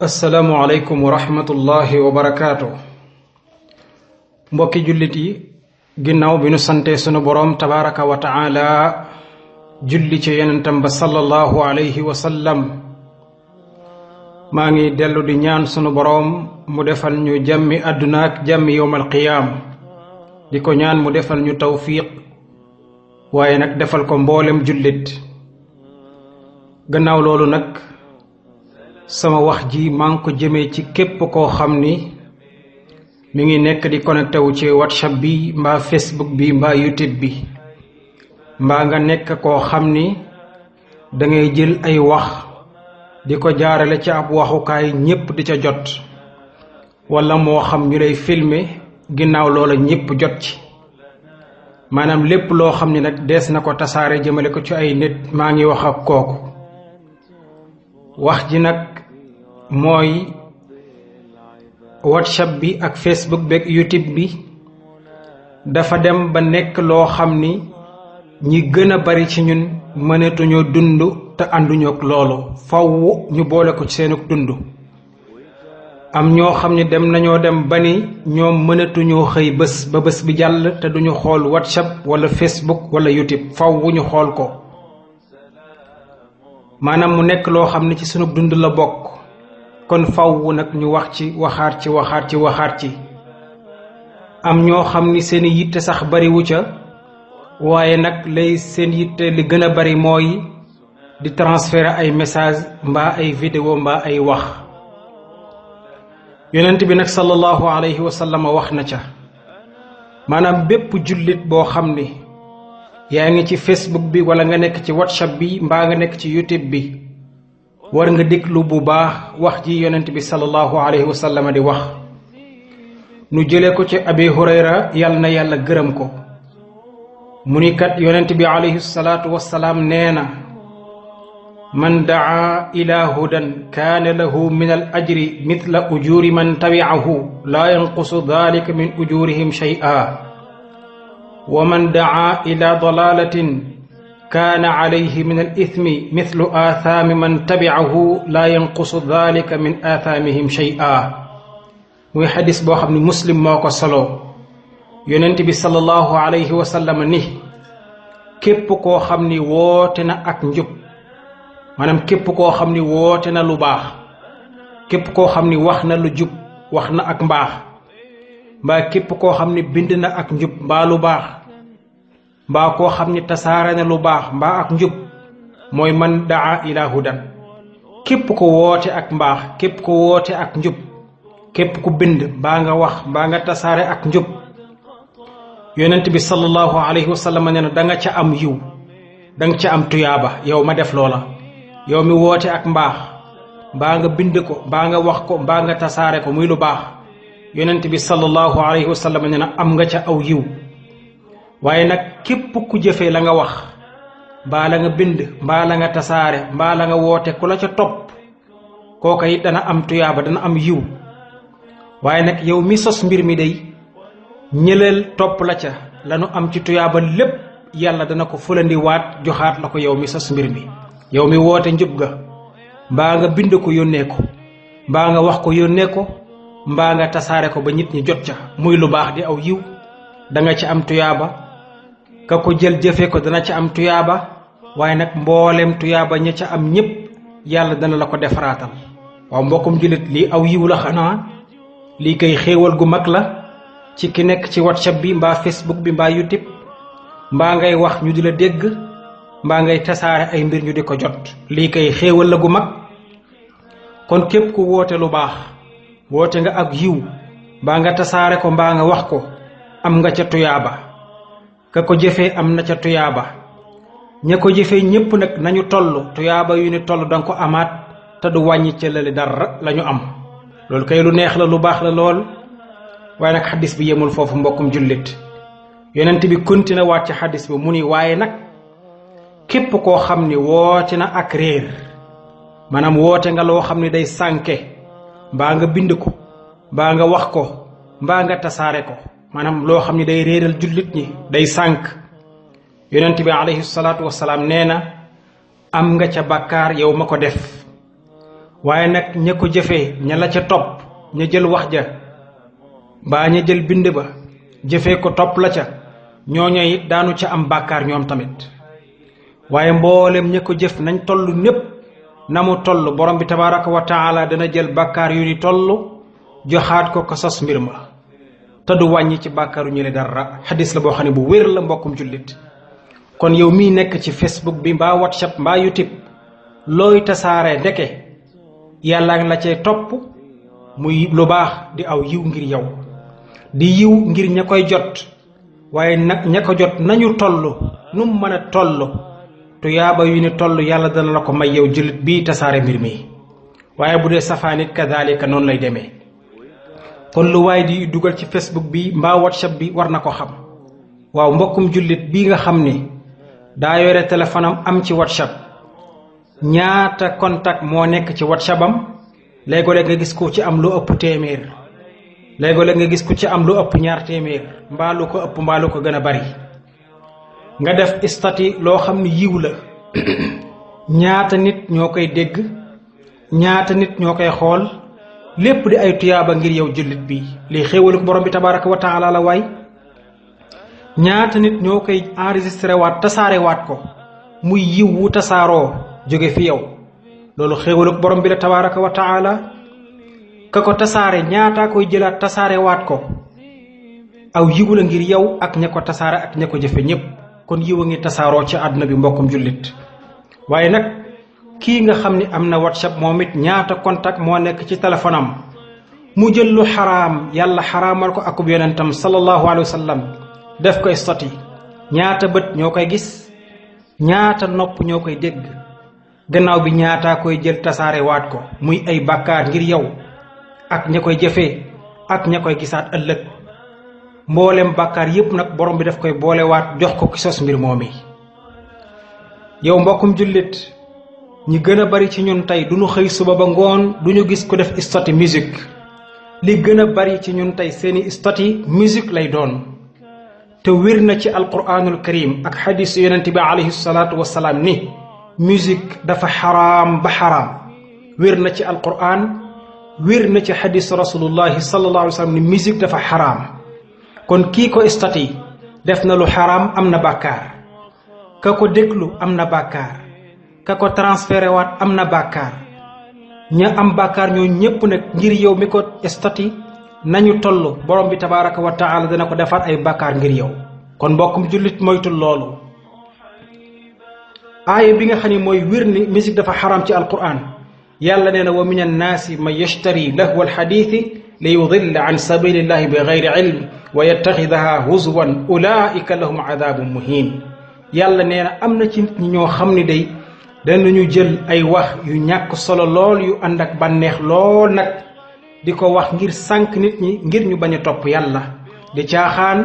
asalaamualeykum wa rahmatullahi wa barakaatu. mbokki jullit yi ginnaaw bi nu sante sunu boroom tabaraka wa taala julli ci yonentam ba sallallahu alayhi wa sallam maa ngi dellu di ñaan sunu boroom mu defal ñu jàmmi àdduna ak jàmmi yowmal qiyaam di ko ñaan mu defal ñu tawfiq waaye nag defal ko mboolem jullit gannaaw loolu nag sama wax ji maa ngi ko jëmee ci képp koo xam ni mu ngi nekk di connecté wu ci whatsapp bi mbaa facebook bi mbaa youtube bi mbaa nga nekk koo xam ni da ngay jël ay wax di ko jaarale ci ab waxukaay ñépp di ca jot wala moo xam ñu lay filmer ginnaaw loola ñépp jot ci maanaam lépp loo xam ni nag des na ko tasaare jëmale ko ci ay nit maa ngi wax ak kooku wax ji nag mooy whatsapp bi ak facebook bi ak youtube bi dafa dem ba nekk loo xam ni ñi gën a bari ci ñun mënatuñoo dund te ànduñook ak loolu faw ñu boole ko ci seen dund am ñoo xam ne dem nañoo dem ba ni ñoom mënatuñoo xëy bés ba bés bi jàll te duñu xool whatsapp wala facebook wala youtube faw ñu xool ko maanaam mu nekk loo xam ne ci sunu dund la bokk kon faww nag ñu wax ci waxaat ci waxaat ci waxaat ci am ñoo xam ni seen yitte sax bariwu ca waaye nag lay seen yitte li gën a bari mooy di transférer ay message mbaa ay vidéo mbaa ay wax yonent bi nag sallallahu alayhi wa sallam wax na ca maanaam bépp jullit boo xam ni yaa ngi ci Facebook bi wala nga nekk ci WhatsApp bi mbaa nga nekk ci YouTube bi war nga déglu bu baax wax ji yonent bi sallallahu alayhi wa sallam di wax nu jële ko ci abi hurayra yàlla na yàlla gërëm ko mu ni kat yonent bi alayhi salaatu wassalaam nee na man daa ila hudan kaane lahu min al ajri mithla man tabi'ahu laa yanqusu dalika min ujurihim shay'a wa man daa ila dalalatin kaana alayhi min al ithmi mithlu aathaami man tabiahu laa yanqusu dalika min aathaamihim shay'a muy xadis boo xam ni muslim moo ko solo yonent bi sallallahu alayhi wa sallam ni képp koo xam ni woote na ak njub maanaam képp koo xam ni woote na lu baax képp koo xam ni wax na lu jub wax na ak mbaax mbaa képp koo xam ni bind na ak njub mbaa lu baax mbaa koo xam ni tasaare na lu baax mbaa ak njub mooy man daa ila hudan képp ko woote ak mbaax képp ko woote ak njub képp ku bind mbaa nga wax mbaa nga tasaare ak njub yonent bi sallallahu alayhi wa sallam nee na da nga ca am yiw danga nga ca am tuyaaba yow ma def loola yow mi woote ak mbaax mbaa nga bind ko mbaa nga wax ko mbaa nga tasaare ko muy lu baax yonent bi sallallahu alayhi wa sallam nee na am nga ca aw yiw waaye nag képp ku jëfe la nga wax mbaa la nga bind mbaa la nga tasaare mbaa la nga woote ku la ca topp kooka it dana am tuyaaba dana am yiw waaye nag yow mi sos mbir mi dey ñëleel topp la ca lanu am ci tuyaaba lépp yàlla dana ko fulandiwaat joxaat la ko yow mi sos mbir mi yow mi woote njub ga mbaa nga bind ko yónnee ko mbaa nga wax ko yónnee ko mbaa nga tasaare ko ba nit ñi jot ca muy lu baax di aw yiw danga ci am tuyaaba ka ko jël jëfee ko dana ca am tuyaaba waaye nag mboolem tuyaaba ña ca am ñépp yàlla dana la ko defaraatal waaw mbokkum jullit lii aw yiw la xanaa lii kay xéewal gu mag la ci ki nekk ci wat whatsapp bi mbaa facebook bi mbaa youtube mbaa ngay wax ñu di la dégg mbaa ngay tasaare ay mbir ñu di ko jot lii kay xéewal la gu mag kon képp ku woote lu baax woote nga ak yiw mbaa nga tasaare ko mbaa nga wax ko am nga ca tuyaaba ka ko jëfee am na ca tuyaaba ña ko jëfe ñépp nag nañu toll tuyaaba yu ni toll danga ko amaat te du wàññi ca lële dara lañu am loolu kay lu neex la lu baax la lool waaye nag xaddis bi yemul foofu mbokkum jullit yonent bi continué waat ci xaddis bi mu ni waaye nag képp koo xam ni woote na ak réer maanaam woote nga loo xam ni day sànke mbaa nga bind ko mbaa nga wax ko mbaa nga tasaare ko maanaam loo xam ne day réeral jullit ñi day sànk yonent bi alayhi salaatu wasalaam nee na am nga ca bakkaar yow ma ko def waaye nag ña ko jëfee ña la ca topp ña jël wax ja baa ña jël bind ba jëfe ko topp la ca ñooñu it daanu ca am bàkkaar ñoom tamit waaye mboolem ña ko jëf nañ toll népp na mu toll borom bi tabaaraka wa taala dana jël bàkkaar yu ni toll joxaat ko ko sos mbir ma te du wàññi ci bàkkaaru ñu le dara xadis la boo xam ne bu wér la mbokkum jullit kon yow mi nekk ci facebook bi mbaa whatsapp mbaa youtube looy tasaare ndeke yàlla la cee topp muy lu baax di aw yiw ngir yow di yiw ngir ña koy jot waaye nag ña ko jot nañu toll nu mu mën a toll tuyaaba yu ni toll yàlla dana la ko may yow jullit bii tasaare mbir mi waaye bu dee safaanit kadalika noonu lay demee kon lu waay di dugal ci facebook bi mbaa whatsapp bi war na ko xam waaw mbokkum jullit bii nga xam ni daa yore téléphone am am ci whatsapp ñaata contact moo nekk ci whatsapp am léegoo-léeg nga gis ku ci am lu ëpp téeméer léegoo-léeg nga gis ko ci am lu ëpp ñaar téeméer mbaa lu ko ëpp mbaa lu ko gën a bari nga def istati loo xam ni yiw la ñaata nit ñoo koy dégg ñaata nit ñoo koy xool lépp di ay tuyaaba ngir yow jullit bi lii xéewalu ko borom bi tabaraka wa taala la waay ñaata nit ñoo koy enregistré waat tasaare waat ko muy yiw wu tasaaroo jóge fi yow loolu xéewalu borom bi la tabaraka wataala taala ka ko tasaare ñaataa koy jëlaat tasaare waat ko aw yiwu la ngir yow ak ña ko tasaare ak ña ko jëfe ñépp kon yiw a ngi tasaaroo ci àdduna bi mbokkum jullit waaye nag kii nga xam ni am na whatsapp moom it ñaata kontak moo nekk ci téléphone mu jël lu xaraam yàlla xaraamal ko akub yonentam sallallahu alayhi wa sallam def koy soti ñaata bët ñoo koy gis ñaata nopp ñoo koy dégg gannaaw bi ñaataa koy jël tasaare waat ko muy ay bàkkaar ngir yow ak ña koy jëfe ak ña koy gisaat ëllëg mboolem bakkaar yépp nag borom bi daf koy boolewaat jox ko ki sos mbir moom yi mbokkum jullit ñi gën a bari ci ñun tey du ñu xëy suba ba ngoon du ñu gis ku def stoti musique li gën a bari ci ñun tey seeni stoti musique lay doon te wér na ci alquranul karim ak xadiisu yonent bi alayhi salaatu wasalaam ni musique dafa xaraam ba xaraam wér na ci alquran wér na ci xadiisu rasulullahi sallallahu alayhi wa sallam ni musique dafa xaraam kon kii ko stoti def na lu xaraam am na bàkkaar ka ko déglu am na bàkkaar ka ko transféré am na bàkkaar ña am bàkkaar ñoo ñépp nag ngir yow mi ko stati nañu toll borom bi tabaraka wa taala dana ko defar ay bakkaar ngir yow kon mbokkum jullit moytul loolu aaya bi nga xam ne mooy wir ni musique dafa xaram ci alquran yàlla nee na wa min annaasi man yashtari lahwa alxadiisi li yudilla an sabilillahi bi gayri ilm wa yattaxidaha huzwan ulaika lahum adabun muhin yàlla nee na am na ci ñi ñoo xam ni day ñu jël ay wax yu ñàkk solo lool yu ànd ak bànneex lool nag di ko wax ngir sànq nit ñi ngir ñu bañ a topp yàlla di caaxaan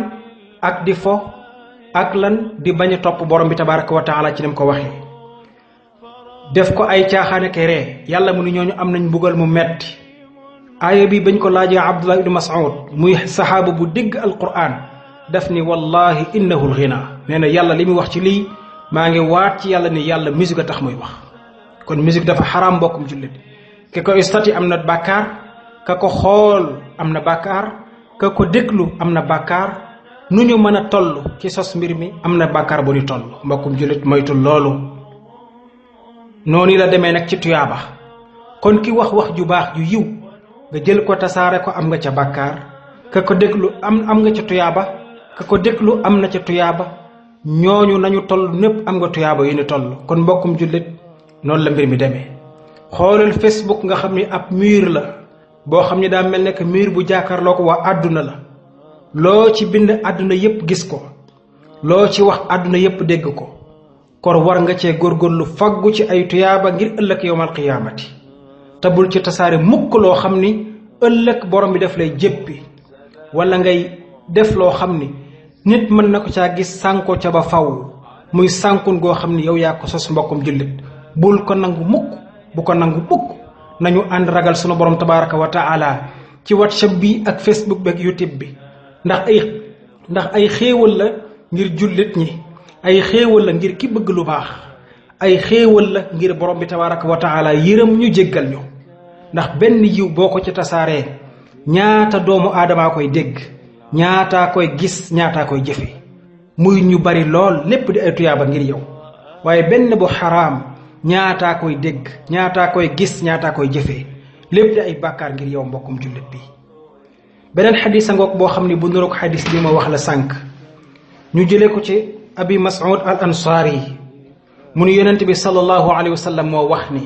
ak di fo ak lan di bañ a topp borom bi tabaraka wa taala ci ni ko waxee def ko ay caaxaan ree yàlla mu ni ñooñu am nañ mbugal mu metti aaya bi bañ ko laajee abdullah ibnu mas'ud muy saxaaba bu dégg alquran daf ni wallahi innahu alghina nee na yàlla li muy wax ci lii maa ngi waat ci yàlla ni yàlla musique a tax muy wax kon musique dafa xaraam mbokkum jullit ki ko istati am na bàkkaar ka ko xool am na bàkkaar ka déglu am na bàkkaar nu ñu mën a toll ci sos mbir mi am na bàkkaar bu toll mbokkum jullit moytu loolu noonu la demee nag ci tuyaaba kon ki wax wax ju baax ju yiw nga jël ko tasaare ko am nga ca bàkkaar ka ko déglu am am nga ca tuyaaba ka déglu am na ca tuyaaba ñooñu nañu toll népp am nga tuyaaba yu ni toll kon mbokkum jullit noonu la mbir mi demee xoolal Facebook nga xam ni ab mur la boo xam ni daa mel nekk mur bu jàkkaarloo ko waa àdduna la loo ci bind àdduna yépp gis ko loo ci wax àdduna yépp dégg ko kor war nga cee góor góor lu faggu ci ay tuyaaba ngir ëllëg yowmal qiyaamati te bul ci tasaare mukk loo xam ni ëllëg borom bi daf lay jéppi walla ngay def loo xam ni nit mën na ko caa gis sànkoo ca ba faw muy sànkun goo xam ni yow yaa ko sos mbokkum jullit bul ko nangu mukk bu ko nangu mukk nañu ànd ragal sunu borom tabaraka wa taala ci whatsapp bi ak facebook bi ak youtube bi ndax ay ndax ay xéewal la ngir jullit ñi ay xéewal la ngir ki bëgg lu baax ay xéewal la ngir borom bi tabaraka wa taala yërëm ñu jéggal ñu ndax benn yiw boo ko ci tasaaree ñaata doomu aadamaa koy dégg ñaata koy gis ñaataa koy jëfe muy ñu bari lool lépp di ay tuyaaba ngir yow waaye benn bu xaraam ñaataa koy dégg ñaataa koy gis ñaataa koy jëfee lépp di ay bàkkaar ngir yow mbokkum jullit bi beneen xadis a boo xam ne bu nuroog xadis bi ma wax la sànq ñu jële ko ci abi mas'ud al ansaari mu ni yonent bi sallallahu alayhi wa moo wax ni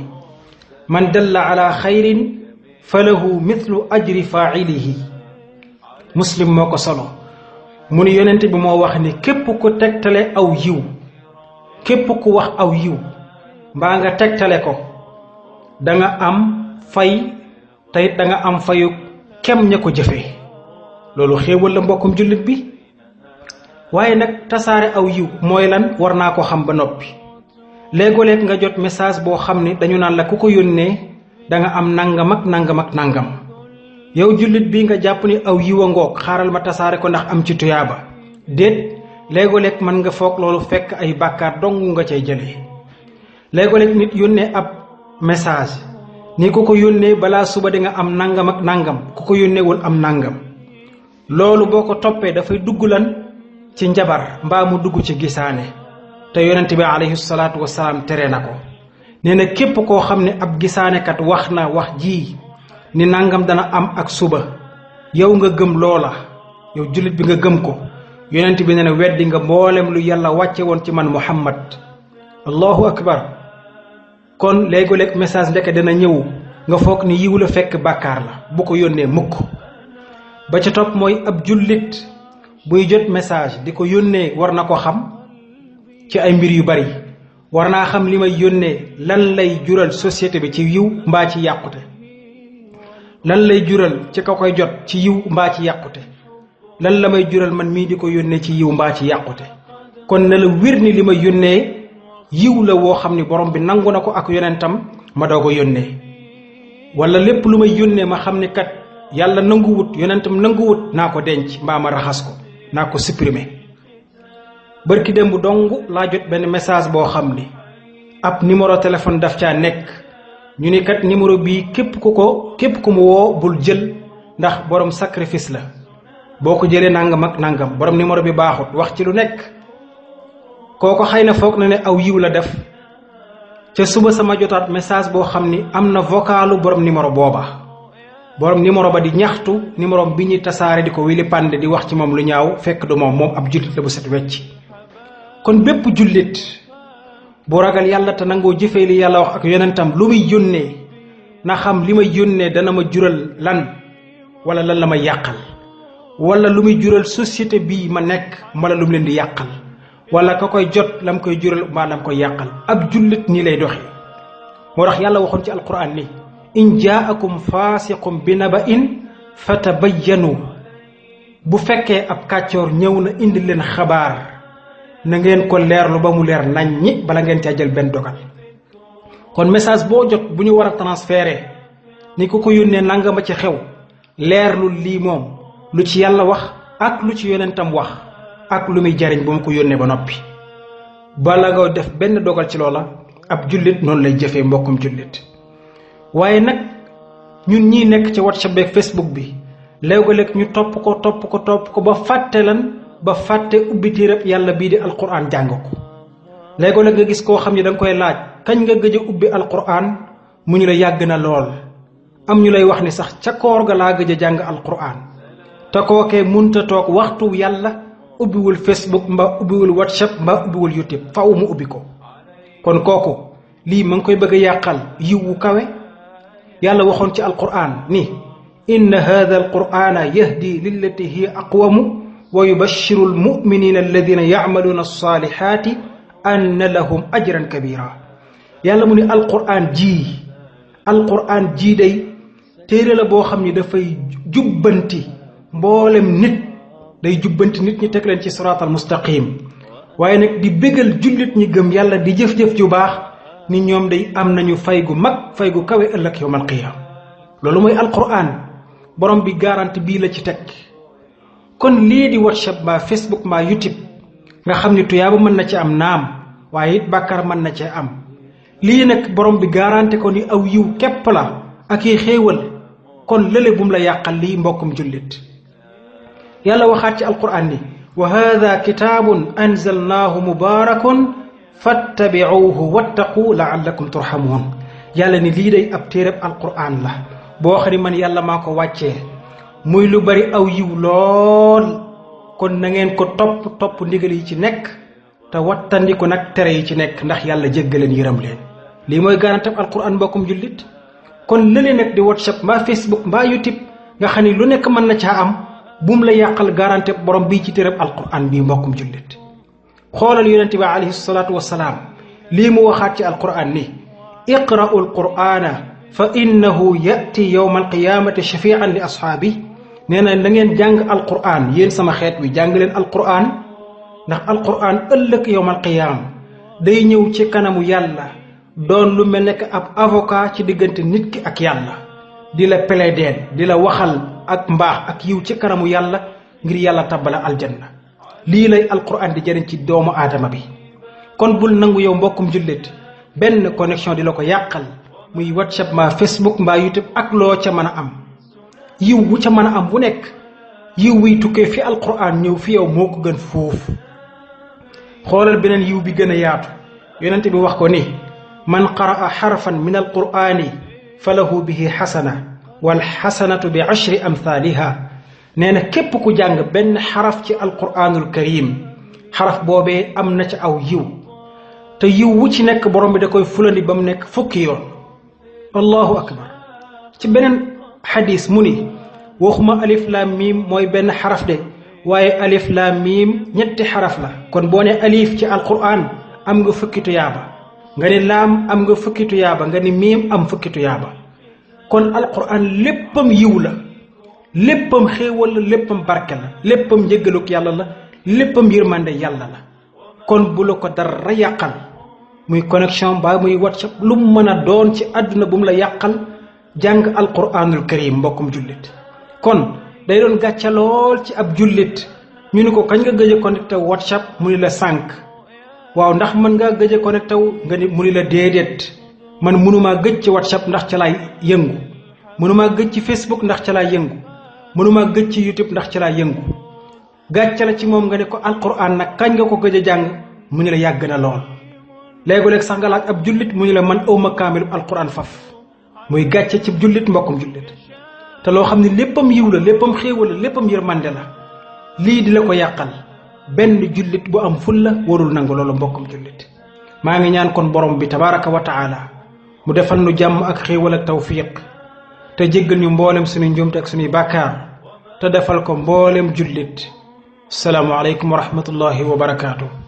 man dalla ala xayrin fa lahu mithlu ajri faa'ilihi muslim moo ko solo mu ni yonent bi moo wax ni képp ku tegtale aw yiw képp ku wax aw yiw mbaa nga tegtale ko danga am fay tey danga am fayu kem ña ko jëfe loolu xéewal la mbokkum jullit bi waaye nag tasaare aw yiw mooy lan war naa ko xam ba noppi léegoo-leeg nga jot message boo xam ne dañu naan la ku ko yónnee danga am nangam ak nangam yow jullit bi nga jàpp ni aw yiwa a ngoog xaaral ma tasaare ko ndax am ci tuyaaba déet léegoo-leeg mën nga foog loolu fekk ay bàkkaar dong nga cee jëlee léegoo-leeg nit yónnee ab message ni ku ko yónnee balaa suba di nga am nangam ak nangam ku ko yónneewul am nangam loolu boo ko toppee dafay dugg lan ci njabar mbaa mu dugg ci gisaane te yonent bi alayhi salaatu wasalaam tere na ko nee na képp koo xam ne ab gisaanekat wax na wax jii ni nangam dana am ak suba yow nga gëm loola yow jullit bi nga gëm ko yonent bi ne ne weddi nga mboolem lu yàlla wàcce woon ci man muhammad allahu akbar kon léegi-léeg message ndeke dana ñëw nga foog ni yiw la fekk bàkkaar la bu ko yónnee mukk ba ca topp mooy ab jullit buy jot message di ko yónnee war na ko xam ci ay mbir yu bari war naa xam li may yónnee lan lay jural société bi ci yiw mbaa ci yàqute lan lay jural ci ka koy jot ci yiw mbaa ci yàqute lan la may jural man mii di ko yónnee ci yiw mbaa ci yàqute kon na la wér ni li may yónnee yiw la woo xam ni borom bi nangu na ko ak yonentam ma doo ko yónnee wala lépp lu may yónnee ma xam ni kat yàlla nanguwut yonentam nanguwut naa ko denc mbaa ma raxas ko naa ko supprimer ki démb dong laa jot benn message boo xam ni ab numéro téléphone daf caa nekk ñu ne kat numéro bii képp ku ko képp ku mu woo bul jël ndax borom sacrifice la boo ko jëlee nangam ak nangam borom numéro bi baaxut wax ci lu nekk kooko xëy na foog na ne aw yiw la def ca suba sama jotaat message boo xam ni am na vocalu borom numéro booba borom numéro ba di ñaxtu numéro bi ñu tasaare di ko wili pande di wax ci moom lu ñaaw fekk du moom moom ab jullit la bu set wecc kon bépp jullit bu ragal yàlla te nangoo jëfee li yàlla wax ak yonentam lu muy yónnee na xam li may yónnee dana ma jural lan wala lan la may yàqal wala lu muy jural société bii ma nekk mbala lu leen di yàqal wala ka koy jot lam koy jural mbaa lam koy yàqal ab jullit nii lay doxe moo tax yàlla waxoon ci alquran ni in jaakum faasiqum bi ba in ba fatabayyanu bu fekkee ab kàccoor ñëw na indi leen xabaar na ngeen ko leerlu ba mu leer nañ ñi bala ngeen caa jël benn dogal kon message boo jot bu ñu war a transféré ni ko ko yónnee nanga ma ci xew leerlu lii moom lu ci yàlla wax ak lu ci yonentam wax ak lu muy jariñ ba mu ko yónnee ba noppi bala nga def benn dogal ci loola ab jullit noonu lay jëfee mbokkum jullit waaye nag ñun ñii nekk ci whatsapp beeg facebook bi léeg-léeg ñu topp ko topp ko ba fàtte lan ba fàtte ubbi téereb yàlla bii di alxuraan jàng ko léegoo nag nga gis koo xam ne danga koy laaj kañ nga gëj a ubbi alquran mu ñu la yàgg na lool am ñu lay wax ni sax ca koor ga laa gëj a jàng alquran te kookee munta toog waxtu yàlla ubbiwul facebook mba ubbiwul whatsapp mba ubbiwul youtube faw mu ubbi ko kon kooku lii ma ngi koy bëgg a yàqal yiwu kawe yàlla waxoon ci alquran ni inna hada alqurana yahdi lillati hiya aqwamu wa yubashiru almuminina alladina yacmaluuna alsalihati anna lahum ajran kabira yàlla mu ni alquran ji alquran ji day téere la boo xam ni dafay jubbanti mboolem nit day jubbanti nit ñi teg leen ci siraat al mustaqim waaye nag di bégal jullit ñi gëm yàlla di jëf-jëf ju baax ni ñoom day am nañu fay gu mag fay gu kawe ëllëg yowmal qiyaam loolu mooy alquran borom bi garanti bii la ci teg kon lii di whatsapp mbaa facebook mbaa youtube nga xam ni tuyaaba mën na ci am naam waaye it bàkkaar mën na cee am lii nag borom bi garanté ko ni aw yiw képp la ak i xéewal kon lële la yàqal lii mbokkum jullit yàlla waxaat ci alquran ni wa hada kitaabun anzalnaahu mubaarakun fattabicuuhu wattaqu laallakum turxamuun yàlla ni lii ab téereb alquran la boo xam man yàlla maa ko wàccee muy lu bari aw yiw lool kon na ngeen ko topp topp ndigal yi ci nekk te wattandiku nag tere yi ci nekk ndax yàlla jéggaleen yërëm leen lii mooy garantab alquran mbokkum jullit kon lële nag di whatsapp mbaa facebook mbaa youtube nga xam ni lu nekk mën na caa am buum la yàqal garanté borom bii ci téereb alquran bii mbokkum jullit xoolal yonent bi alayhi salaatu wasalaam lii mu waxaat ci alquran ni iqra'u alqur'ana fa innahu ya'ti yawma alqiyamati shafi'an li ashaabi nee na da ngeen jàng alquran yéen sama xeet wi jàng leen alquran ndax alquran ëllëg yowmal qiyaam day ñëw ci kanamu yàlla doon lu mel ne ab avocat ci diggante nit ki ak yàlla di la plaider di la waxal ak mbaax ak yiw ci kanamu yàlla ngir yàlla tabbala aljanna lii lay alquran di jëriñ ci doomu aadama bi kon bul nangu yow mbokkum jullit benn connexion di la ko yàqal muy whatsapp mbaa facebook mbaa youtube ak loo ca mën a am yiw wu ca mën a am bu nekk yiw wuy tukkee fi alquran ñëw fi yow moo ko gën foofu xoolal beneen yiw bi gën a yaatu yonent bi wax ko ni man qaraa xarfan min alqurani fa lahu bihi xasana wal xasanatu bi ashri amthaliha nee na képp ku jàng benn xaraf ci alquranul karim xaraf boobee am na ci aw yiw te yiw wu ci nekk borom bi da koy fulandi ba mu nekk fukki yoon allahu akbar ci beneen xadis mu ni waxuma alif la miim mooy benn xaraf de waaye alif laam miim ñetti xaraf la kon boo ne alif ci alquran am nga fukki nga ne laam am nga fukki tuyaaba nga ne miim am fukki tuyaaba kon alquran léppam yiw la léppam xéewal la léppam barke la léppam njëgaluk yàlla la léppam yërmande yàlla la kon bu la ko dara yàqal muy connexion ba muy whatsapp lu mën a doon ci àdduna bu mu la yàqal jàng alquranul karim mbokkum jullit kon day doon gàcce lool ci ab jullit ñu ni ko kañ nga gëj a taw whatsapp mu ni la sànq waaw ndax mën nga gëj a connecté taw nga ni mu ni la déedéet man mënumaa gëj ci whatsapp ndax ca laay yëngu mënumaa gëj ci facebook ndax ca laay yëngu mënumaa gëj ci youtube ndax ca laay yëngu gàcca la ci moom nga ne ko alquran nag kañ nga ko gëj a jàng mu ni la yàgg na lool léegi-léeg sax nga laaj ab jullit mu ni la man muy gàcce ci jullit mbokkum jullit te loo xam ne léppam yiw la léppam xéewal la léppam yërmande la lii di la ko yàqal benn jullit bu am fulla warul nangu loolu mbokkum jullit maa ngi ñaan kon borom bi tabaraka wa taala mu defal nu jàmm ak xéewal ak tawfiq te jéggal ñu mboolem suñuy njuumte ak suñuy bàkkaar te defal ko mboolem jullit salaamu aleykum wa rahmatullahi wa barakaatu